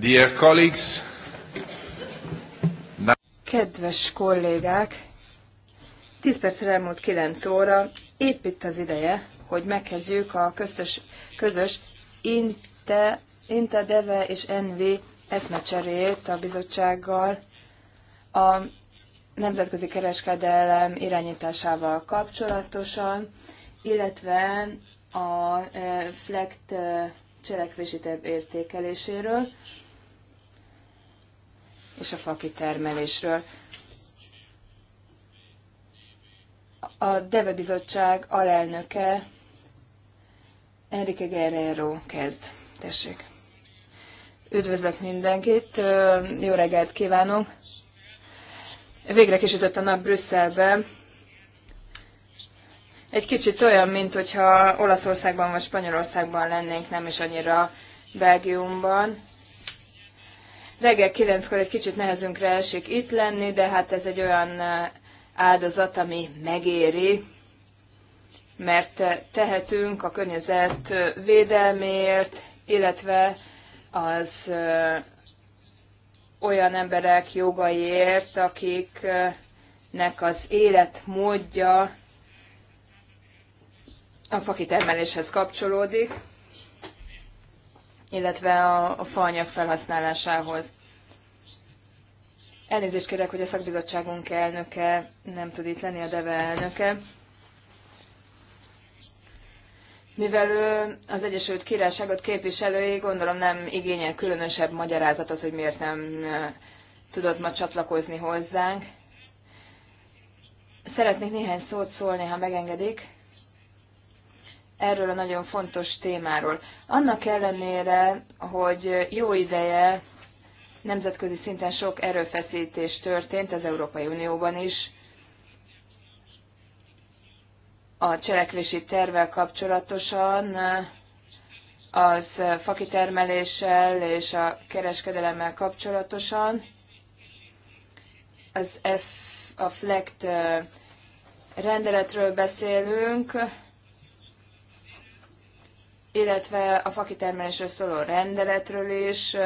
Dear colleagues, Kedves kollégák, 10 percre elmúlt 9 óra, épp itt az ideje, hogy megkezdjük a köztös, közös Inte, Inte Deve és NV eszmecserét a bizottsággal a nemzetközi kereskedelem irányításával kapcsolatosan, illetve a e, FLECT e, cselekvési értékeléséről és a fakitermelésről. A DEVE bizottság alelnöke Enrique Guerrero kezd. Tessék. Üdvözlök mindenkit, jó reggelt kívánok! Végre kisütött a nap Brüsszelbe. Egy kicsit olyan, mint hogyha Olaszországban vagy Spanyolországban lennénk, nem is annyira Belgiumban. Reggel kilenckor egy kicsit nehezünkre esik itt lenni, de hát ez egy olyan áldozat, ami megéri, mert tehetünk a környezet védelméért, illetve az olyan emberek jogaiért, akiknek az életmódja a fakitermeléshez kapcsolódik illetve a, a faanyag felhasználásához. Elnézést kérek, hogy a szakbizottságunk elnöke nem tud itt lenni, a DEVE elnöke. Mivel ő az Egyesült Királyságot képviselői, gondolom nem igényel különösebb magyarázatot, hogy miért nem tudott ma csatlakozni hozzánk. Szeretnék néhány szót szólni, ha megengedik erről a nagyon fontos témáról. Annak ellenére, hogy jó ideje nemzetközi szinten sok erőfeszítés történt az Európai Unióban is, a cselekvési tervvel kapcsolatosan az fakitermeléssel és a kereskedelemmel kapcsolatosan az F, a FLECT rendeletről beszélünk, illetve a fakitermelésről szóló rendeletről is,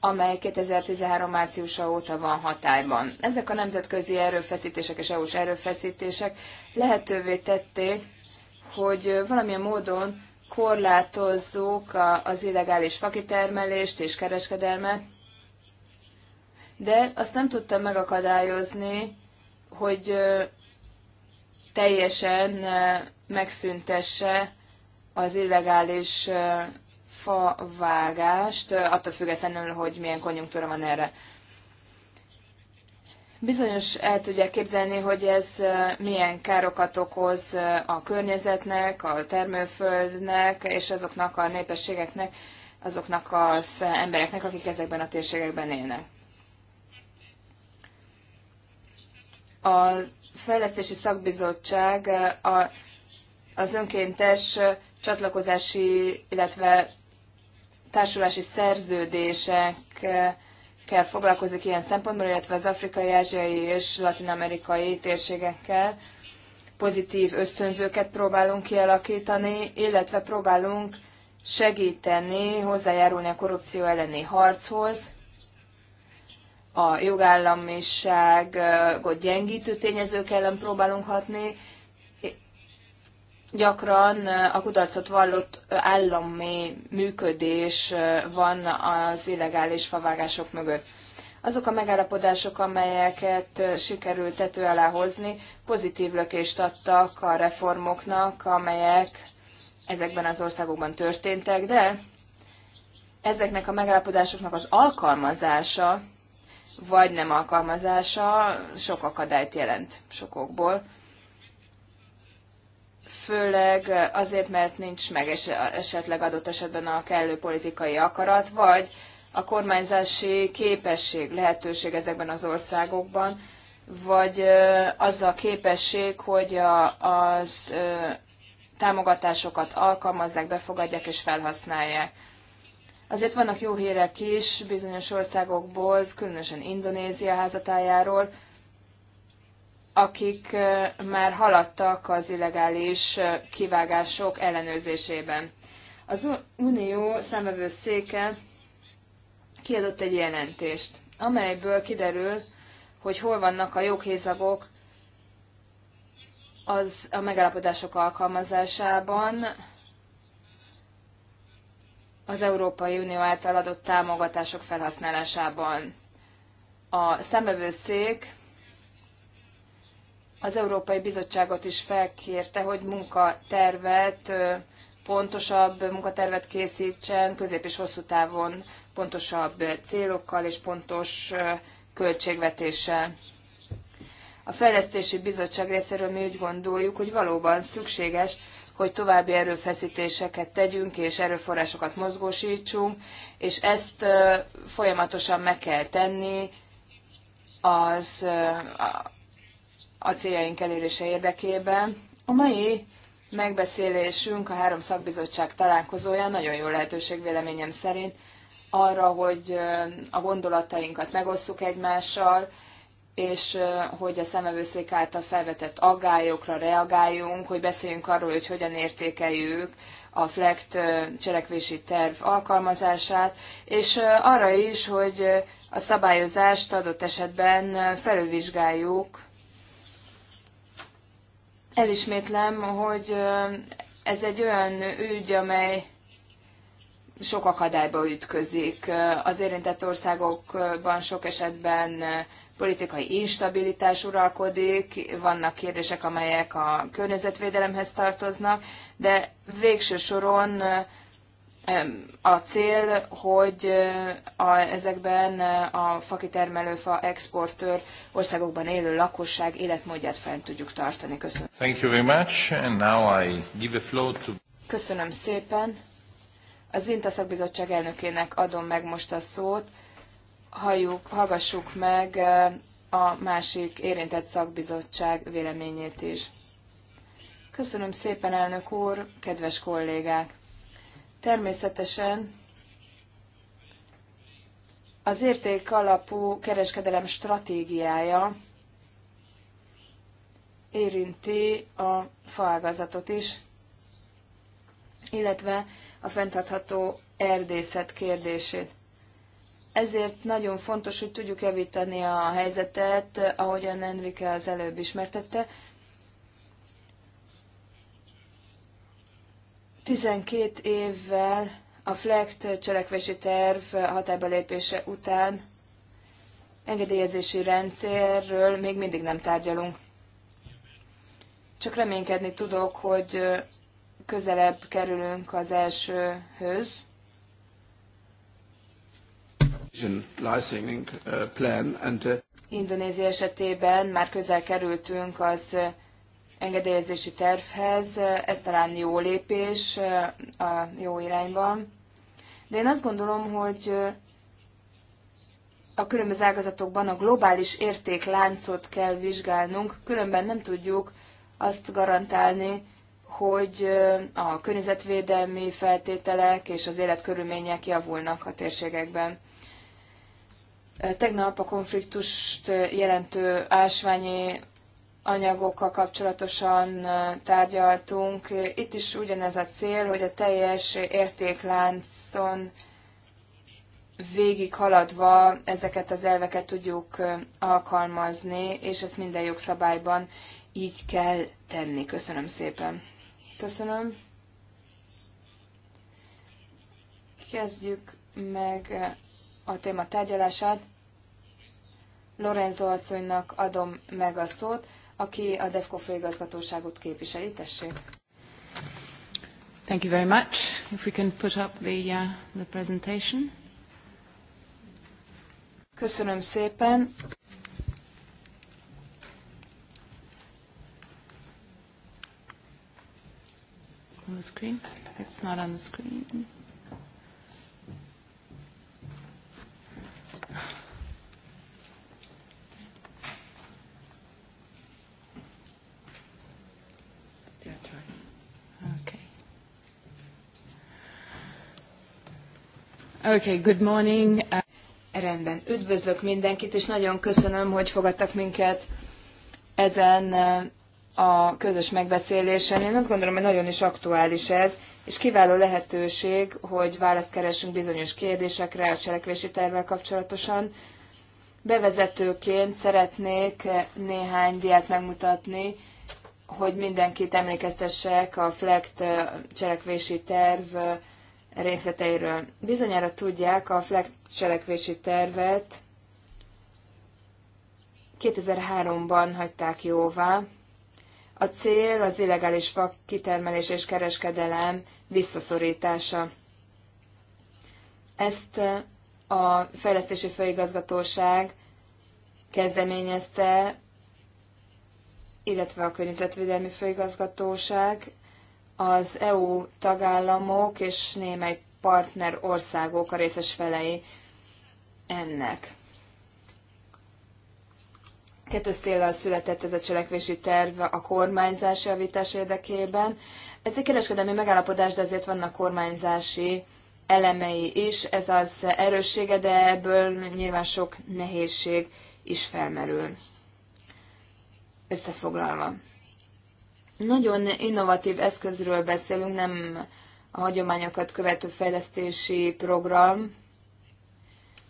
amely 2013 márciusa óta van hatályban. Ezek a nemzetközi erőfeszítések és EU-s erőfeszítések lehetővé tették, hogy valamilyen módon korlátozzuk az illegális fakitermelést és kereskedelmet, de azt nem tudtam megakadályozni, hogy teljesen megszüntesse az illegális favágást, attól függetlenül, hogy milyen konjunktúra van erre. Bizonyos el tudják képzelni, hogy ez milyen károkat okoz a környezetnek, a termőföldnek és azoknak a népességeknek, azoknak az embereknek, akik ezekben a térségekben élnek. A Fejlesztési Szakbizottság a, az önkéntes csatlakozási, illetve társulási szerződésekkel foglalkozik ilyen szempontból, illetve az afrikai, ázsiai és latin-amerikai térségekkel pozitív ösztönzőket próbálunk kialakítani, illetve próbálunk segíteni, hozzájárulni a korrupció elleni harchoz, a jogállamiságot gyengítő tényezők ellen próbálunk hatni, gyakran a kudarcot vallott állami működés van az illegális favágások mögött. Azok a megállapodások, amelyeket sikerült tető alá hozni, pozitív lökést adtak a reformoknak, amelyek ezekben az országokban történtek, de ezeknek a megállapodásoknak az alkalmazása, vagy nem alkalmazása sok akadályt jelent sokokból főleg azért, mert nincs meg esetleg adott esetben a kellő politikai akarat, vagy a kormányzási képesség, lehetőség ezekben az országokban, vagy az a képesség, hogy a, az támogatásokat alkalmazzák, befogadják és felhasználják. Azért vannak jó hírek is bizonyos országokból, különösen Indonézia házatájáról, akik már haladtak az illegális kivágások ellenőrzésében. Az Unió számvevőszéke kiadott egy jelentést, amelyből kiderül, hogy hol vannak a joghézagok az a megállapodások alkalmazásában, az Európai Unió által adott támogatások felhasználásában. A szembevőszék az Európai Bizottságot is felkérte, hogy munkatervet, pontosabb munkatervet készítsen, közép és hosszú távon pontosabb célokkal és pontos költségvetéssel. A Fejlesztési Bizottság részéről mi úgy gondoljuk, hogy valóban szükséges, hogy további erőfeszítéseket tegyünk és erőforrásokat mozgósítsunk, és ezt folyamatosan meg kell tenni az a céljaink elérése érdekében. A mai megbeszélésünk, a három szakbizottság találkozója nagyon jó lehetőség véleményem szerint arra, hogy a gondolatainkat megosszuk egymással, és hogy a szemevőszék által felvetett aggályokra reagáljunk, hogy beszéljünk arról, hogy hogyan értékeljük a FLECT cselekvési terv alkalmazását, és arra is, hogy a szabályozást adott esetben felülvizsgáljuk Elismétlem, hogy ez egy olyan ügy, amely sok akadályba ütközik. Az érintett országokban sok esetben politikai instabilitás uralkodik, vannak kérdések, amelyek a környezetvédelemhez tartoznak, de végső soron a cél, hogy a, ezekben a fa exportőr országokban élő lakosság életmódját fel tudjuk tartani. Köszönöm. Thank you very much, and now I give the floor to... Köszönöm szépen. Az INTA szakbizottság elnökének adom meg most a szót. Halljuk, hallgassuk meg a másik érintett szakbizottság véleményét is. Köszönöm szépen, elnök úr, kedves kollégák! Természetesen az érték alapú kereskedelem stratégiája érinti a faágazatot is, illetve a fenntartható erdészet kérdését. Ezért nagyon fontos, hogy tudjuk javítani a helyzetet, ahogyan Enrique az előbb ismertette, 12 évvel a FLECT cselekvési terv hatályba lépése után engedélyezési rendszerről még mindig nem tárgyalunk. Csak reménykedni tudok, hogy közelebb kerülünk az elsőhöz. Uh, uh, Indonézia esetében már közel kerültünk az engedélyezési tervhez. Ez talán jó lépés eh, a jó irányba. De én azt gondolom, hogy eh, a különböző ágazatokban a globális értékláncot kell vizsgálnunk, különben nem tudjuk azt garantálni, hogy eh, a környezetvédelmi feltételek és az életkörülmények javulnak a térségekben. Tegnap a konfliktust jelentő ásványi anyagokkal kapcsolatosan tárgyaltunk. Itt is ugyanez a cél, hogy a teljes értékláncon végig haladva ezeket az elveket tudjuk alkalmazni, és ezt minden jogszabályban így kell tenni. Köszönöm szépen. Köszönöm. Kezdjük meg a téma tárgyalását. Lorenzo asszonynak adom meg a szót aki a DEFCO főigazgatóságot képviseli. Tessék! Thank you very much. If we can put up the, uh, the presentation. Köszönöm szépen. On the screen? It's not on the screen. Okay, good morning. Rendben. Üdvözlök mindenkit, és nagyon köszönöm, hogy fogadtak minket ezen eh, a közös megbeszélésen. Én azt gondolom, hogy nagyon is aktuális ez, és kiváló lehetőség, hogy választ keresünk bizonyos kérdésekre a cselekvési tervvel kapcsolatosan. Bevezetőként szeretnék eh, néhány diát megmutatni, hogy mindenkit emlékeztessek a FLECT eh, cselekvési terv részleteiről. Bizonyára tudják, a FLEG cselekvési tervet 2003-ban hagyták jóvá. A cél az illegális fa kitermelés és kereskedelem visszaszorítása. Ezt eh, a Fejlesztési Főigazgatóság kezdeményezte, illetve a Környezetvédelmi Főigazgatóság az EU tagállamok és némely partner országok a részes felei ennek. Kettős célral született ez a cselekvési terv a kormányzás javítás érdekében. Ez egy kereskedelmi megállapodás, de azért vannak kormányzási elemei is. Ez az erőssége, de ebből nyilván sok nehézség is felmerül. Összefoglalva. Nagyon innovatív eszközről beszélünk, nem a hagyományokat követő fejlesztési program,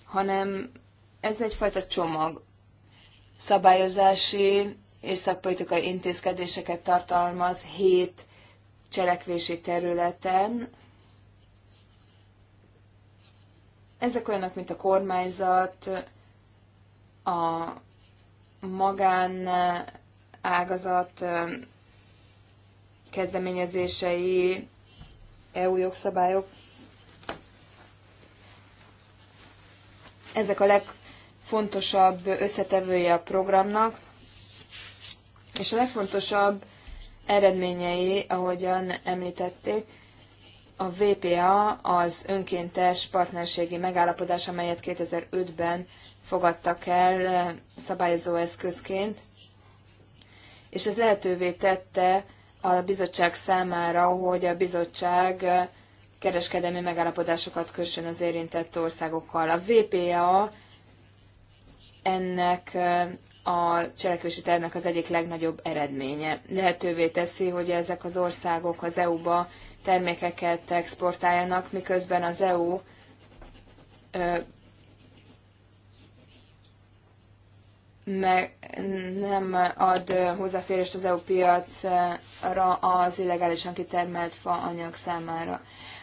hanem ez egyfajta csomag. Szabályozási és szakpolitikai intézkedéseket tartalmaz hét cselekvési területen. Ezek olyanok, mint a kormányzat, a magán eh, ágazat eh, kezdeményezései, EU jogszabályok. Ezek a legfontosabb összetevője a programnak, és a legfontosabb eredményei, ahogyan említették, a VPA az önkéntes partnerségi megállapodás, amelyet 2005-ben fogadtak el szabályozó eszközként, és ez lehetővé tette a bizottság számára, hogy a bizottság kereskedelmi megállapodásokat kössön az érintett országokkal. A VPA ennek a cselekvési tervnek az egyik legnagyobb eredménye. Lehetővé teszi, hogy ezek az országok az EU-ba termékeket exportáljanak, miközben az EU meg nem ad hozzáférést az EU piacra az illegálisan kitermelt faanyag számára.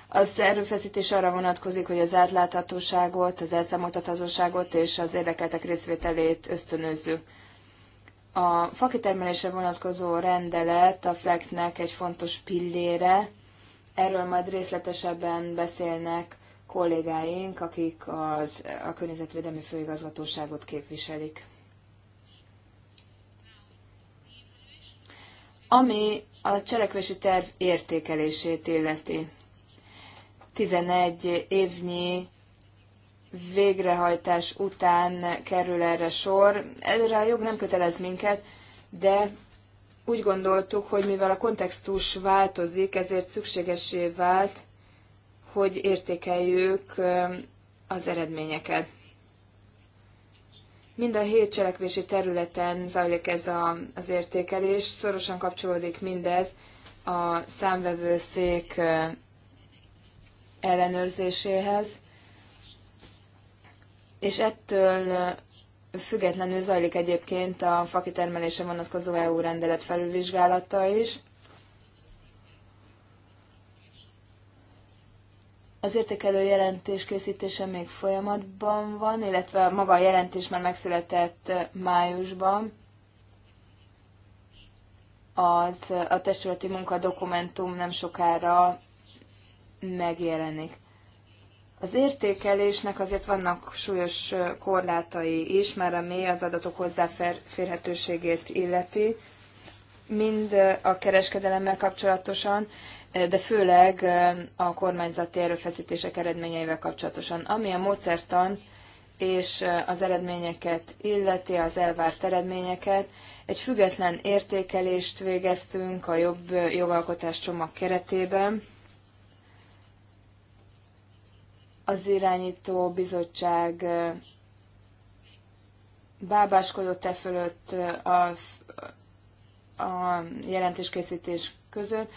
Az erőfeszítés arra vonatkozik, hogy az átláthatóságot, az elszámoltathatóságot és az érdekeltek részvételét ösztönözzük. A fakitermelésre vonatkozó rendelet a flec nek egy fontos pillére, erről majd részletesebben beszélnek kollégáink, akik az, a Környezetvédelmi Főigazgatóságot képviselik. Ami a cselekvési terv értékelését illeti. 11 évnyi végrehajtás után kerül erre sor. Erre a jog nem kötelez minket, de úgy gondoltuk, hogy mivel a kontextus változik, ezért szükségesé vált, hogy értékeljük az eredményeket. Mind a hét cselekvési területen zajlik ez a, az értékelés, szorosan kapcsolódik mindez a számvevőszék ellenőrzéséhez, és ettől függetlenül zajlik egyébként a fakitermelése vonatkozó EU rendelet felülvizsgálata is. Az értékelő jelentés készítése még folyamatban van, illetve maga a jelentés már megszületett eh, májusban. Az, a testületi munka dokumentum nem sokára megjelenik. Az értékelésnek azért vannak súlyos eh, korlátai is, már mély az adatok hozzáférhetőségét illeti, mind eh, a kereskedelemmel kapcsolatosan, de főleg a kormányzati erőfeszítések eredményeivel kapcsolatosan. Ami a módszertan és az eredményeket illeti, az elvárt eredményeket, egy független értékelést végeztünk a jobb jogalkotás csomag keretében. Az irányító bizottság bábáskodott e fölött a, a jelentéskészítés között,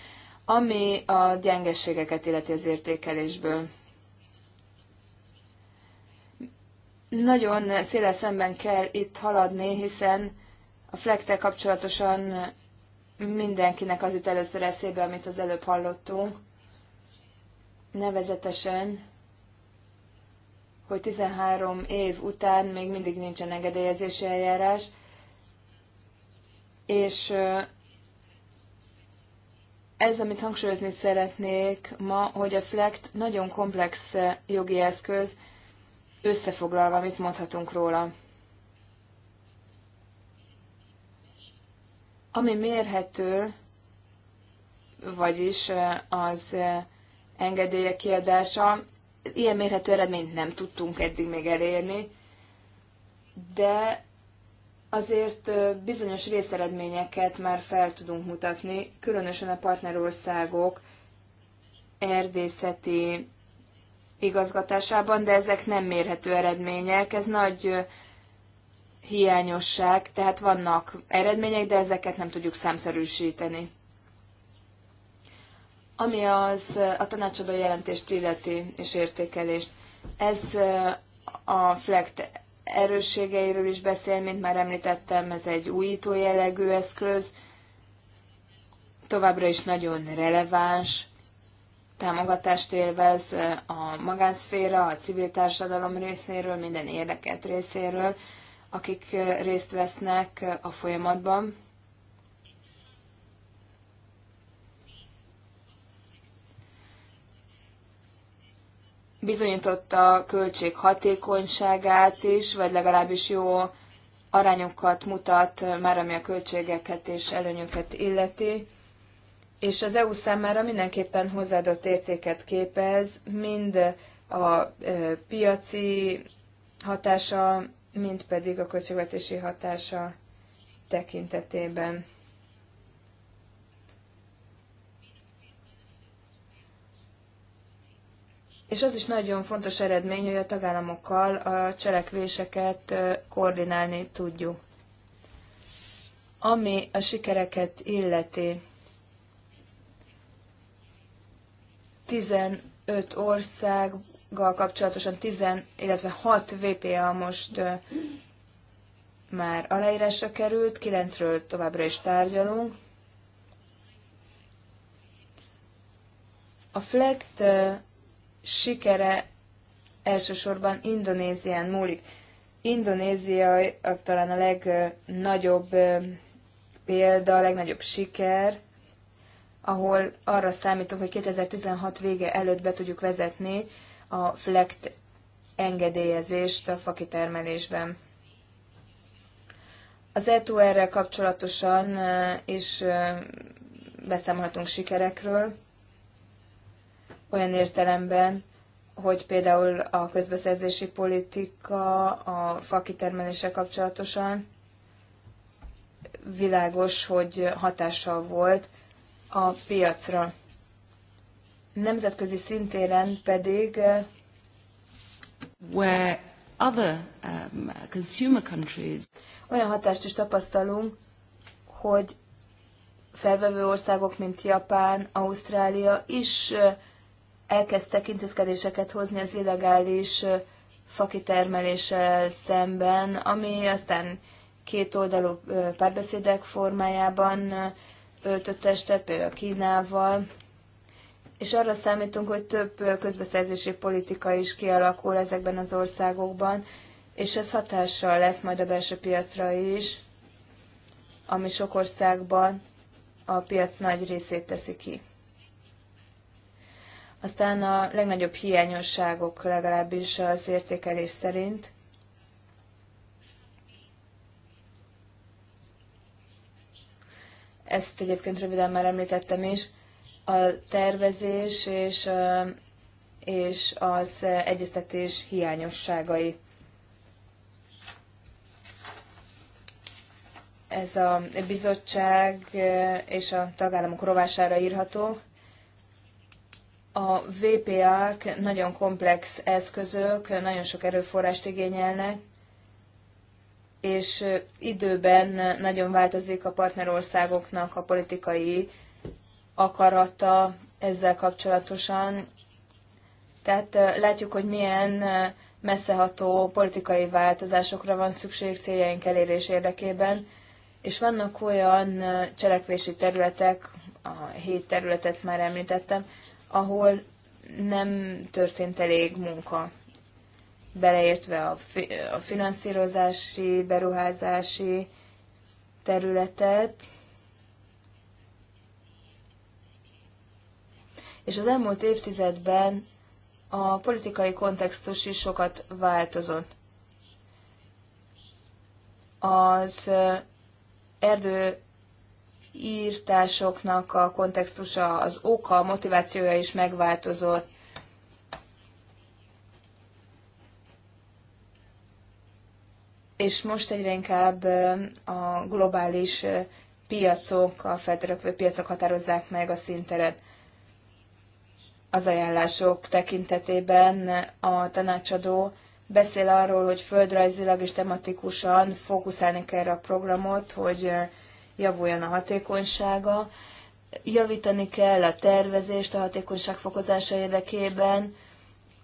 ami a gyengeségeket illeti az értékelésből. Nagyon széles szemben kell itt haladni, hiszen a flektel kapcsolatosan mindenkinek az jut először eszébe, amit az előbb hallottunk. Nevezetesen, hogy 13 év után még mindig nincsen engedélyezési eljárás, és ez, amit hangsúlyozni szeretnék ma, hogy a FLECT nagyon komplex eh, jogi eszköz, összefoglalva mit mondhatunk róla. Ami mérhető, vagyis eh, az eh, engedélyek kiadása, ilyen mérhető eredményt nem tudtunk eddig még elérni, de azért bizonyos részeredményeket már fel tudunk mutatni, különösen a partnerországok erdészeti igazgatásában, de ezek nem mérhető eredmények, ez nagy hiányosság, tehát vannak eredmények, de ezeket nem tudjuk számszerűsíteni. Ami az a tanácsadó jelentést illeti és értékelést, ez a FLECT erősségeiről is beszél, mint már említettem, ez egy újító jellegű eszköz, továbbra is nagyon releváns támogatást élvez a magánszféra, a civil társadalom részéről, minden érdekelt részéről, akik részt vesznek a folyamatban. bizonyította a költség hatékonyságát is, vagy legalábbis jó arányokat mutat már, ami a költségeket és előnyöket illeti, és az EU számára mindenképpen hozzáadott értéket képez, mind a piaci hatása, mind pedig a költségvetési hatása tekintetében. És az is nagyon fontos eredmény, hogy a tagállamokkal a cselekvéseket koordinálni tudjuk. Ami a sikereket illeti, 15 országgal kapcsolatosan 10, illetve 6 VPA most már aláírásra került, 9-ről továbbra is tárgyalunk. A FLECT sikere elsősorban Indonézián múlik. Indonézia talán a legnagyobb példa, a legnagyobb siker, ahol arra számítunk, hogy 2016 vége előtt be tudjuk vezetni a FLECT engedélyezést a fakitermelésben. Az ETO kapcsolatosan is beszámolhatunk sikerekről olyan értelemben, hogy például a közbeszerzési politika a fakitermelése kapcsolatosan világos, hogy hatással volt a piacra. Nemzetközi szintéren pedig Where other, um, consumer countries... olyan hatást is tapasztalunk, hogy felvevő országok, mint Japán, Ausztrália is elkezdtek intézkedéseket hozni az illegális fakitermeléssel szemben, ami aztán két oldalú párbeszédek formájában öltött testet, például Kínával, és arra számítunk, hogy több közbeszerzési politika is kialakul ezekben az országokban, és ez hatással lesz majd a belső piacra is, ami sok országban a piac nagy részét teszi ki. Aztán a legnagyobb hiányosságok legalábbis az értékelés szerint. Ezt egyébként röviden már említettem is. A tervezés és, és az egyeztetés hiányosságai. ez a bizottság és a tagállamok rovására írható. A VPA-k nagyon komplex eszközök, nagyon sok erőforrást igényelnek, és időben nagyon változik a partnerországoknak a politikai akarata ezzel kapcsolatosan. Tehát látjuk, hogy milyen messzeható politikai változásokra van szükség céljaink elérés érdekében, és vannak olyan cselekvési területek, a hét területet már említettem, ahol nem történt elég munka, beleértve a, fi- a finanszírozási, beruházási területet, és az elmúlt évtizedben a politikai kontextus is sokat változott. Az erdő írtásoknak a kontextusa, az oka, a motivációja is megváltozott. És most egyre inkább a globális piacok, a feltörekvő piacok határozzák meg a szinteret az ajánlások tekintetében a tanácsadó beszél arról, hogy földrajzilag és tematikusan fókuszálni kell a programot, hogy javuljon a hatékonysága. Javítani kell a tervezést a hatékonyság fokozása érdekében,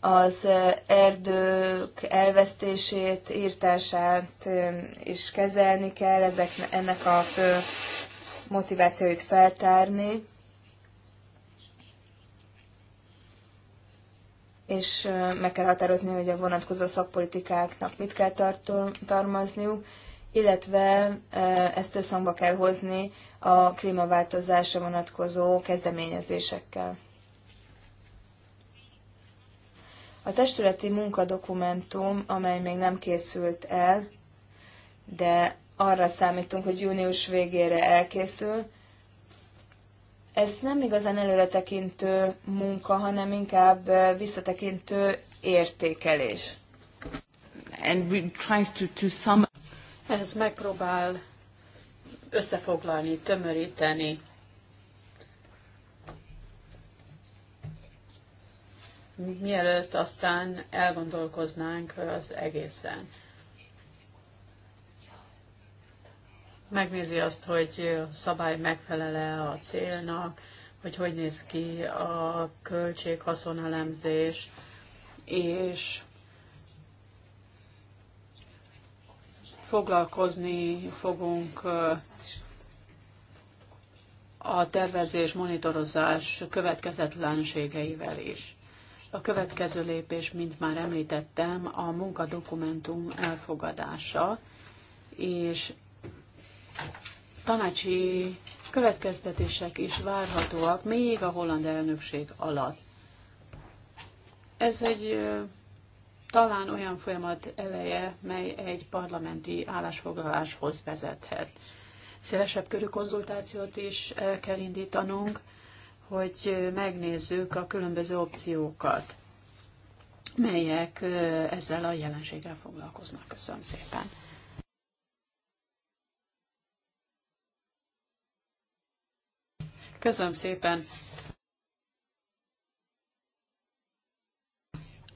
az erdők elvesztését, írtását is kezelni kell, ezek, ennek a fő motivációit feltárni. és meg kell határozni, hogy a vonatkozó szakpolitikáknak mit kell tartalmazniuk, illetve e, ezt összhangba kell hozni a klímaváltozásra vonatkozó kezdeményezésekkel. A testületi munkadokumentum, amely még nem készült el, de arra számítunk, hogy június végére elkészül, ez nem igazán előretekintő munka, hanem inkább e, visszatekintő értékelés. And we try to, to sum ez megpróbál összefoglalni, tömöríteni. Mielőtt aztán elgondolkoznánk az egészen. Megnézi azt, hogy a szabály megfelele a célnak, hogy hogy néz ki a költség haszonelemzés, és foglalkozni fogunk a tervezés, monitorozás következetlenségeivel is. A következő lépés, mint már említettem, a munkadokumentum elfogadása, és tanácsi következtetések is várhatóak még a holland elnökség alatt. Ez egy talán olyan folyamat eleje, mely egy parlamenti állásfoglaláshoz vezethet. Szélesebb körű konzultációt is el kell indítanunk, hogy megnézzük a különböző opciókat, melyek ezzel a jelenséggel foglalkoznak. Köszönöm szépen! Köszönöm szépen!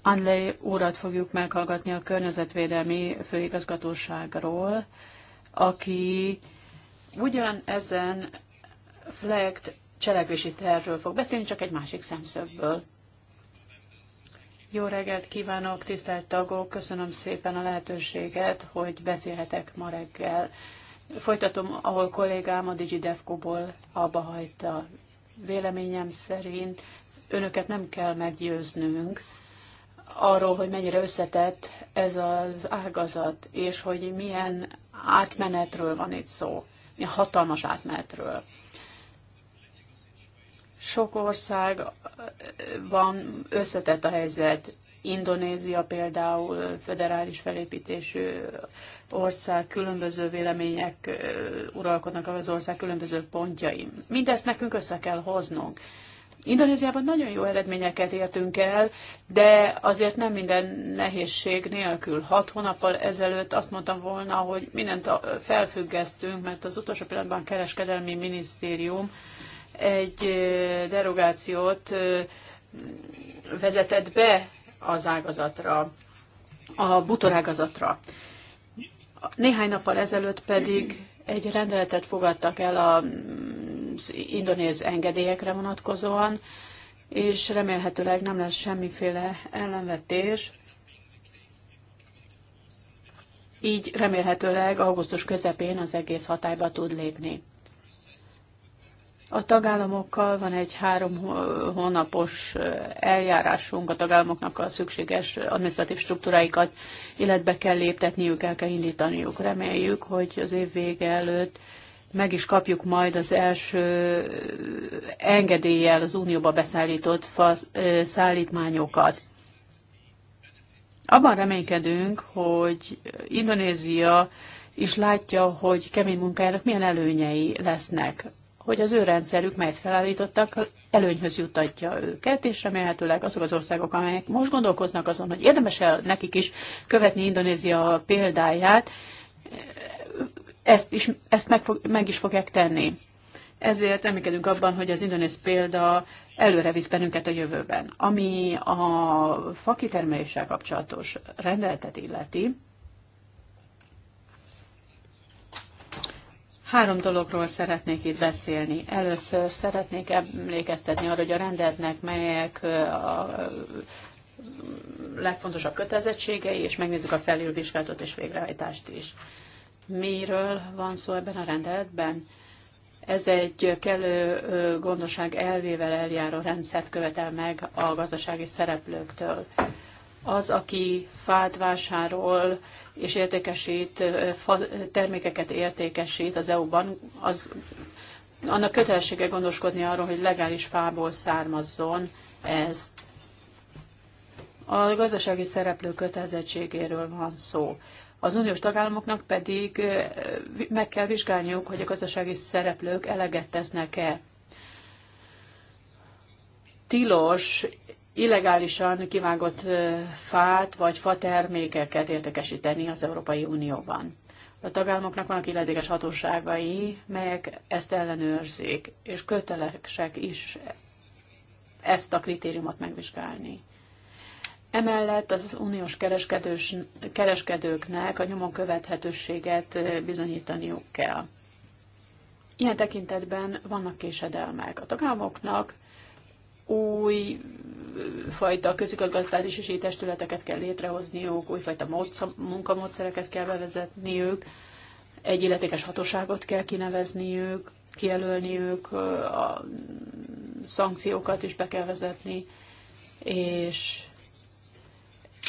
Anley úrat fogjuk meghallgatni a Környezetvédelmi Főigazgatóságról, aki ugyan ezen flagged cselekvési tervről fog beszélni, csak egy másik szemszögből. Jó reggelt kívánok, tisztelt tagok! Köszönöm szépen a lehetőséget, hogy beszélhetek ma reggel. Folytatom, ahol kollégám a DigiDefco-ból abba hagyta. Véleményem szerint önöket nem kell meggyőznünk, arról, hogy mennyire összetett ez az ágazat, és hogy milyen átmenetről van itt szó, milyen hatalmas átmenetről. Sok ország eh, van összetett a helyzet. Indonézia például federális felépítésű ország, különböző vélemények eh, uralkodnak az ország különböző pontjain. Mindezt nekünk össze kell hoznunk. Indonéziában nagyon jó eredményeket értünk el, de azért nem minden nehézség nélkül. Hat hónappal ezelőtt azt mondtam volna, hogy mindent felfüggesztünk, mert az utolsó pillanatban a kereskedelmi minisztérium egy derogációt vezetett be az ágazatra, a butorágazatra. Néhány nappal ezelőtt pedig egy rendeletet fogadtak el a indonéz engedélyekre vonatkozóan, és remélhetőleg nem lesz semmiféle ellenvetés. Így remélhetőleg augusztus közepén az egész hatályba tud lépni. A tagállamokkal van egy három hónapos eljárásunk, a tagállamoknak a szükséges administratív struktúráikat illetve kell léptetniük, el kell indítaniuk. Reméljük, hogy az év vége előtt meg is kapjuk majd az első engedéllyel az Unióba beszállított szállítmányokat. Abban reménykedünk, hogy Indonézia is látja, hogy kemény munkájának milyen előnyei lesznek, hogy az ő rendszerük, melyet felállítottak, előnyhöz jutatja őket, és remélhetőleg azok az országok, amelyek most gondolkoznak azon, hogy érdemes e nekik is követni Indonézia példáját, ezt, is, ezt meg, fog, meg is fogják tenni. Ezért emlékedünk abban, hogy az indonész példa előre visz bennünket a jövőben. Ami a fakitermeléssel kapcsolatos rendeletet illeti, Három dologról szeretnék itt beszélni. Először szeretnék emlékeztetni arra, hogy a rendeletnek melyek a legfontosabb kötelezettségei, és megnézzük a felülvizsgálatot és végrehajtást is miről van szó ebben a rendeletben. Ez egy kellő gondoság elvével eljáró rendszert követel meg a gazdasági szereplőktől. Az, aki fát vásárol és értékesít, termékeket értékesít az EU-ban, az annak kötelessége gondoskodni arról, hogy legális fából származzon ez. A gazdasági szereplő kötelezettségéről van szó. Az uniós tagállamoknak pedig meg kell vizsgálniuk, hogy a gazdasági szereplők eleget tesznek-e. Tilos illegálisan kivágott fát vagy fatermékeket értékesíteni az Európai Unióban. A tagállamoknak vannak illetékes hatóságai, melyek ezt ellenőrzik, és kötelesek is ezt a kritériumot megvizsgálni. Emellett az uniós kereskedős, kereskedőknek a nyomon követhetőséget bizonyítaniuk kell. Ilyen tekintetben vannak késedelmek. A tagállamoknak új fajta közigazgatási testületeket kell létrehozniuk, újfajta munkamódszereket kell bevezetniük, egy illetékes hatóságot kell kinevezniük, kijelölniük, a mm, szankciókat is be kell vezetni, és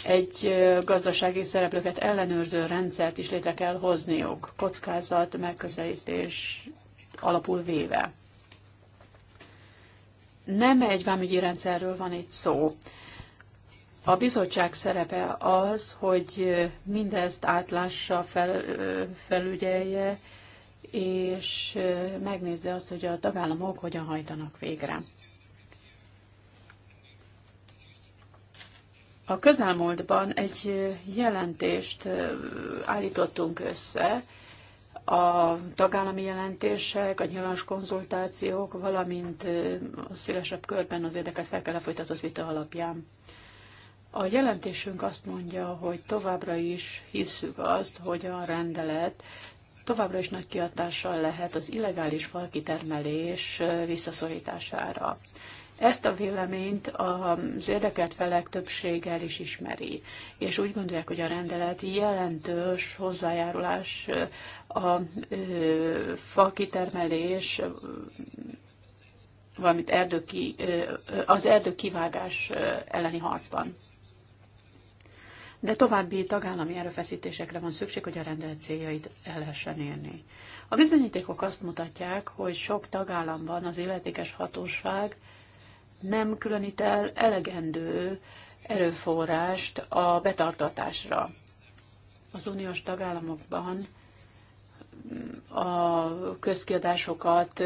egy gazdasági szereplőket ellenőrző rendszert is létre kell hozniuk, kockázat, megközelítés alapul véve. Nem egy vámügyi rendszerről van itt szó. A bizottság szerepe az, hogy mindezt átlássa, fel, felügyelje, és megnézze azt, hogy a tagállamok hogyan hajtanak végre. A közelmúltban egy jelentést állítottunk össze, a tagállami jelentések, a nyilvános konzultációk, valamint a szélesebb körben az érdeket fel kell folytatott vita alapján. A jelentésünk azt mondja, hogy továbbra is hisszük azt, hogy a rendelet továbbra is nagy kiadással lehet az illegális falkitermelés visszaszorítására. Ezt a véleményt az érdekelt felek többsége el is ismeri, és úgy gondolják, hogy a rendelet jelentős hozzájárulás a fa kitermelés, valamint erdőki, az kivágás elleni harcban. De további tagállami erőfeszítésekre van szükség, hogy a rendelet céljait el lehessen érni. A bizonyítékok azt mutatják, hogy sok tagállamban az illetékes hatóság nem különít el elegendő erőforrást a betartatásra. Az uniós tagállamokban mm, a közkiadásokat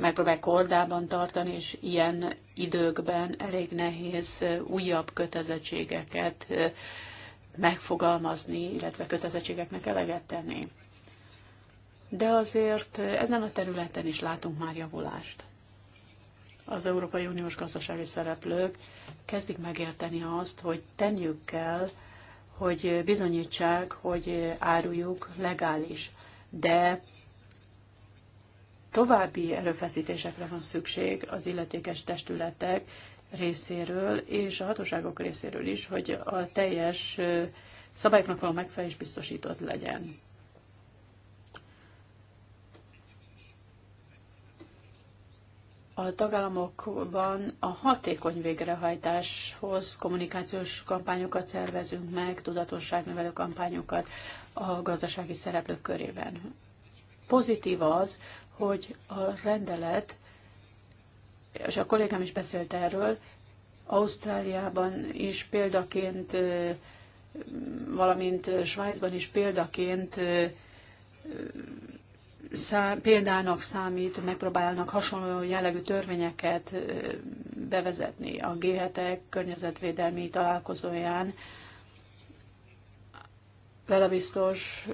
megpróbálják kordában tartani, és ilyen időkben elég nehéz újabb kötelezettségeket megfogalmazni, illetve kötelezettségeknek eleget tenni. De azért ezen a területen is látunk már javulást az Európai Uniós gazdasági szereplők kezdik megérteni azt, hogy tenniük kell, hogy bizonyítsák, hogy áruljuk legális. De további erőfeszítésekre van szükség az illetékes testületek részéről és a hatóságok részéről is, hogy a teljes szabályoknak való megfelelés biztosított legyen. a tagállamokban a hatékony végrehajtáshoz kommunikációs kampányokat szervezünk meg, tudatosságnövelő kampányokat a gazdasági szereplők körében. Pozitív az, hogy a rendelet, és a kollégám is beszélt erről, Ausztráliában is példaként, valamint Svájcban is példaként példának számít, megpróbálnak hasonló jellegű törvényeket bevezetni a g környezetvédelmi találkozóján. Vele biztos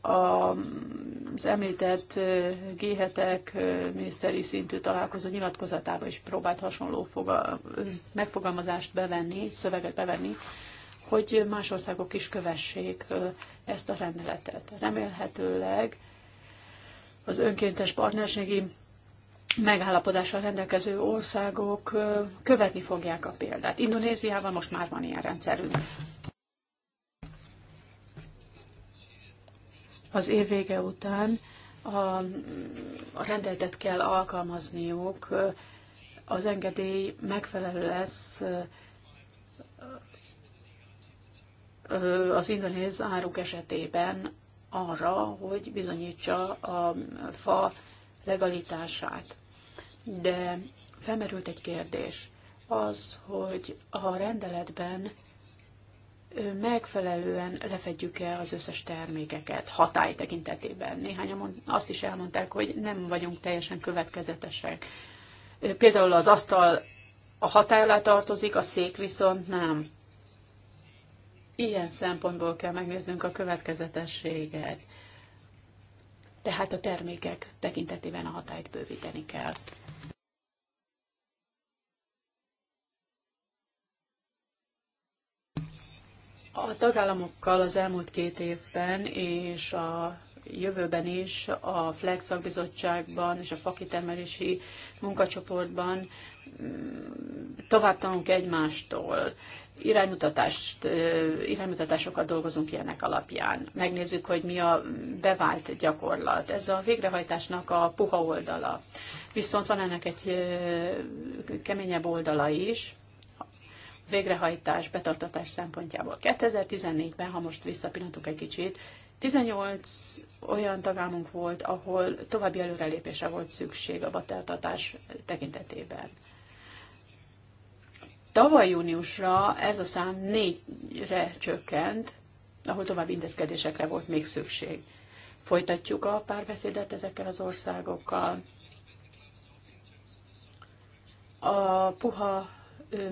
az említett g miniszteri szintű találkozó nyilatkozatába is próbált hasonló megfogalmazást bevenni, szöveget bevenni, hogy más országok is kövessék ezt a rendeletet. Remélhetőleg az önkéntes partnerségi megállapodással rendelkező országok követni fogják a példát. Indonéziával most már van ilyen rendszerünk. Az év vége után a, rendeltet kell alkalmazniuk, az engedély megfelelő lesz az indonéz áruk esetében arra, hogy bizonyítsa a fa legalitását. De felmerült egy kérdés, az, hogy a rendeletben megfelelően lefedjük-e az összes termékeket hatály tekintetében. Néhányan azt is elmondták, hogy nem vagyunk teljesen következetesek. Például az asztal a hatály alá tartozik, a szék viszont nem ilyen szempontból kell megnéznünk a következetességet. Tehát a termékek tekintetében a hatályt bővíteni kell. A tagállamokkal az elmúlt két évben és a jövőben is a FLEX szakbizottságban és a fakitermelési munkacsoportban mm, tovább tanulunk egymástól iránymutatást, iránymutatásokat dolgozunk ilyenek alapján. Megnézzük, hogy mi a bevált gyakorlat. Ez a végrehajtásnak a puha oldala. Viszont van ennek egy keményebb oldala is, végrehajtás, betartatás szempontjából. 2014-ben, ha most visszapillantunk egy kicsit, 18 olyan tagállamunk volt, ahol további előrelépése volt szükség a betartatás tekintetében. Tavaly júniusra ez a szám négyre csökkent, ahol további intézkedésekre volt még szükség. Folytatjuk a párbeszédet ezekkel az országokkal. A puha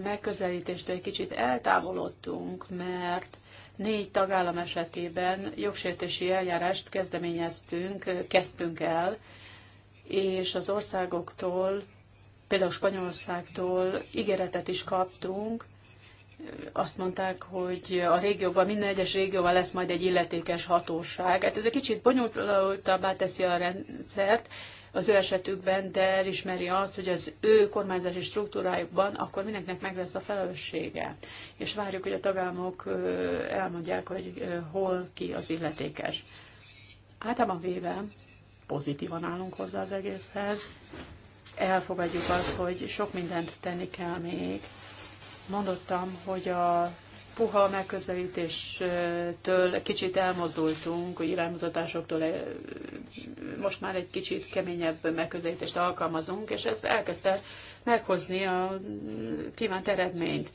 megközelítéstől egy kicsit eltávolodtunk, mert négy tagállam esetében jogsértési eljárást kezdeményeztünk, kezdtünk el, és az országoktól Például Spanyolországtól ígéretet is kaptunk, azt mondták, hogy a régióban, minden egyes régióban lesz majd egy illetékes hatóság. Hát ez egy kicsit bonyolultabbá teszi a rendszert az ő esetükben, de elismeri azt, hogy az ő kormányzási struktúrájukban akkor mindenkinek meg lesz a felelőssége. És várjuk, hogy a tagállamok elmondják, hogy hol ki az illetékes. Általában véve pozitívan állunk hozzá az egészhez, elfogadjuk azt, hogy sok mindent tenni kell még. Mondottam, hogy a puha megközelítéstől kicsit elmozdultunk, hogy iránymutatásoktól eh, most már egy kicsit keményebb megközelítést alkalmazunk, és ez elkezdte meghozni a kívánt eredményt.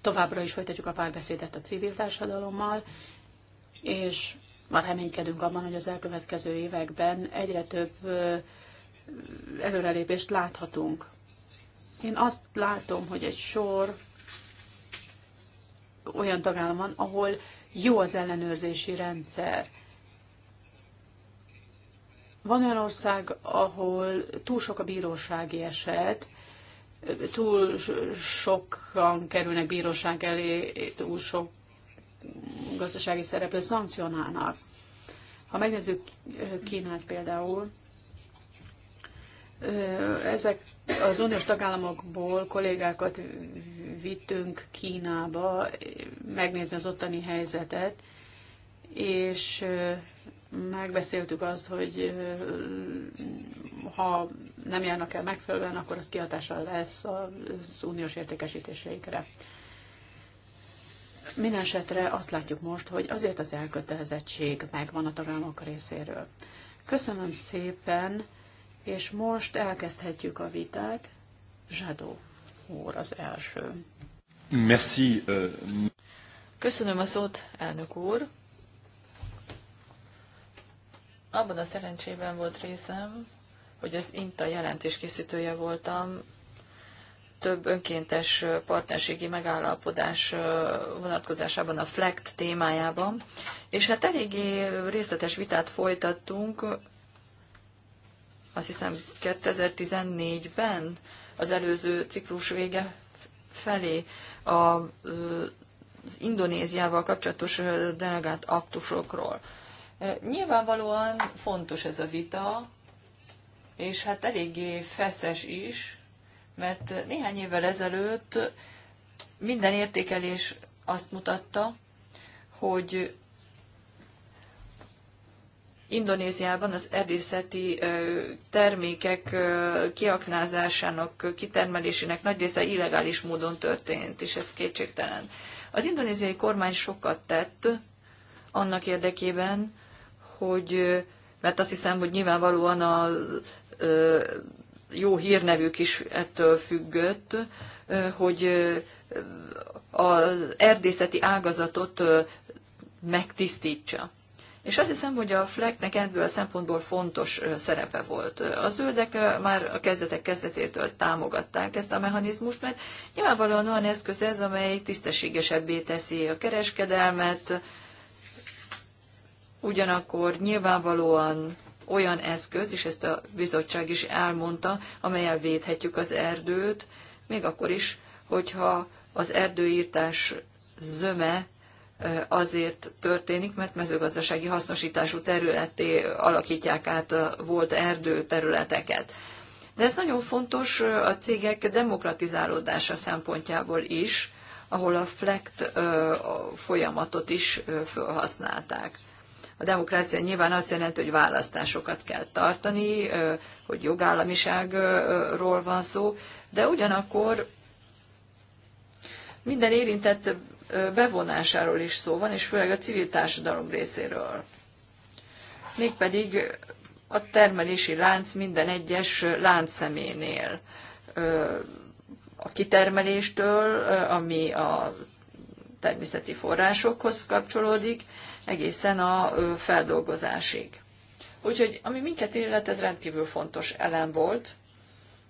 Továbbra is folytatjuk a párbeszédet a civil társadalommal, és már reménykedünk abban, hogy az elkövetkező években egyre több eh, előrelépést láthatunk. Én azt látom, hogy egy sor olyan tagállam van, ahol jó az ellenőrzési rendszer. Van olyan ország, ahol túl sok a bírósági eset, túl sokan kerülnek bíróság elé, túl sok gazdasági szereplőt szankcionálnak. Ha megnézzük eh, Kínát például, ezek az uniós tagállamokból kollégákat vittünk Kínába megnézni az ottani helyzetet, és megbeszéltük azt, hogy ha nem járnak el megfelelően, akkor az kihatással lesz az uniós értékesítéseikre. Minden esetre azt látjuk most, hogy azért az elkötelezettség megvan a tagállamok részéről. Köszönöm szépen! És most elkezdhetjük a vitát. Zsadó úr az első. Merci. Köszönöm a szót, elnök úr. Abban a szerencsében volt részem, hogy az INTA jelentés készítője voltam több önkéntes partnerségi megállapodás vonatkozásában a FLECT témájában, és hát eléggé részletes vitát folytattunk, azt hiszem 2014-ben az előző ciklus vége felé a, az Indonéziával kapcsolatos delegált aktusokról. Nyilvánvalóan fontos ez a vita, és hát eléggé feszes is, mert néhány évvel ezelőtt minden értékelés azt mutatta, hogy Indonéziában az erdészeti termékek kiaknázásának, kitermelésének nagy része illegális módon történt, és ez kétségtelen. Az indonéziai kormány sokat tett annak érdekében, hogy, mert azt hiszem, hogy nyilvánvalóan a jó hírnevük is ettől függött, hogy az erdészeti ágazatot megtisztítsa. És azt hiszem, hogy a fleknek ebből a szempontból fontos szerepe volt. A zöldek már a kezdetek kezdetétől támogatták ezt a mechanizmust, mert nyilvánvalóan olyan eszköz ez, amely tisztességesebbé teszi a kereskedelmet, ugyanakkor nyilvánvalóan olyan eszköz, és ezt a bizottság is elmondta, amelyel védhetjük az erdőt, még akkor is, hogyha az erdőírtás zöme azért történik, mert mezőgazdasági hasznosítású területé alakítják át a volt erdő területeket. De ez nagyon fontos a cégek demokratizálódása szempontjából is, ahol a FLECT folyamatot is felhasználták. A demokrácia nyilván azt jelenti, hogy választásokat kell tartani, hogy jogállamiságról van szó, de ugyanakkor minden érintett bevonásáról is szó van, és főleg a civil társadalom részéről. Mégpedig a termelési lánc minden egyes szeménél. A kitermeléstől, ami a természeti forrásokhoz kapcsolódik, egészen a feldolgozásig. Úgyhogy ami minket illet, ez rendkívül fontos elem volt,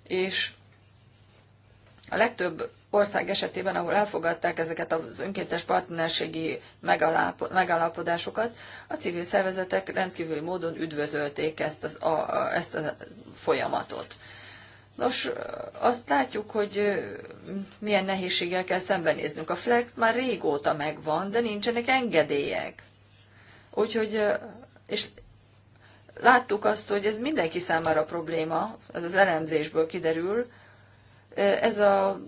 és a legtöbb ország esetében, ahol elfogadták ezeket az önkéntes partnerségi megalapodásokat, a civil szervezetek rendkívüli módon üdvözölték ezt, az, a, a, ezt a folyamatot. Nos, azt látjuk, hogy milyen nehézséggel kell szembenéznünk. A FLEG már régóta megvan, de nincsenek engedélyek. Úgyhogy, és láttuk azt, hogy ez mindenki számára probléma, ez az elemzésből kiderül, ez a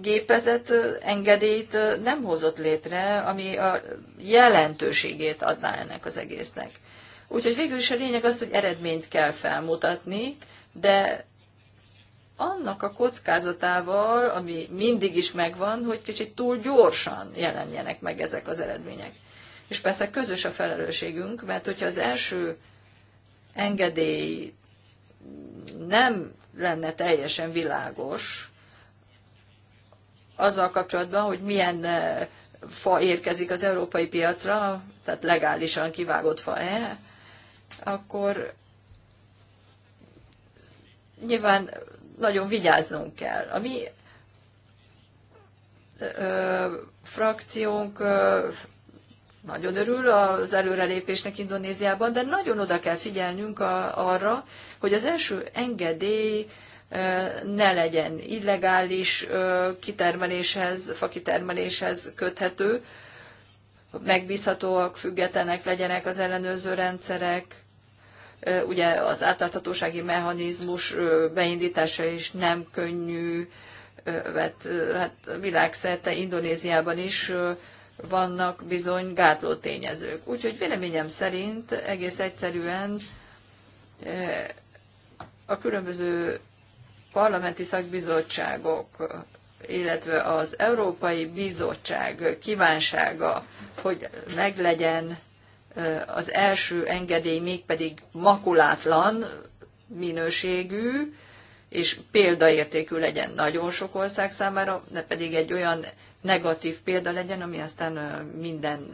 gépezet engedélyt nem hozott létre, ami a jelentőségét adná ennek az egésznek. Úgyhogy végül is a lényeg az, hogy eredményt kell felmutatni, de annak a kockázatával, ami mindig is megvan, hogy kicsit túl gyorsan jelenjenek meg ezek az eredmények. És persze közös a felelősségünk, mert hogyha az első engedély nem lenne teljesen világos azzal kapcsolatban, hogy milyen eh, fa érkezik az európai piacra, tehát legálisan kivágott fa-e, akkor nyilván nagyon vigyáznunk kell. A mi ö, eh, eh, frakciónk ö, nagyon örül az előrelépésnek Indonéziában, de nagyon oda kell figyelnünk a, arra, hogy az első engedély ne legyen illegális kitermeléshez, fakitermeléshez köthető, megbízhatóak, függetlenek legyenek az ellenőrző rendszerek, ugye az átláthatósági mechanizmus beindítása is nem könnyű, mert hát, hát világszerte Indonéziában is vannak bizony gátló tényezők. Úgyhogy véleményem szerint egész egyszerűen a különböző parlamenti szakbizottságok, illetve az Európai Bizottság kívánsága, hogy meglegyen az első engedély mégpedig makulátlan minőségű, és példaértékű legyen nagyon sok ország számára, ne pedig egy olyan negatív példa legyen, ami aztán minden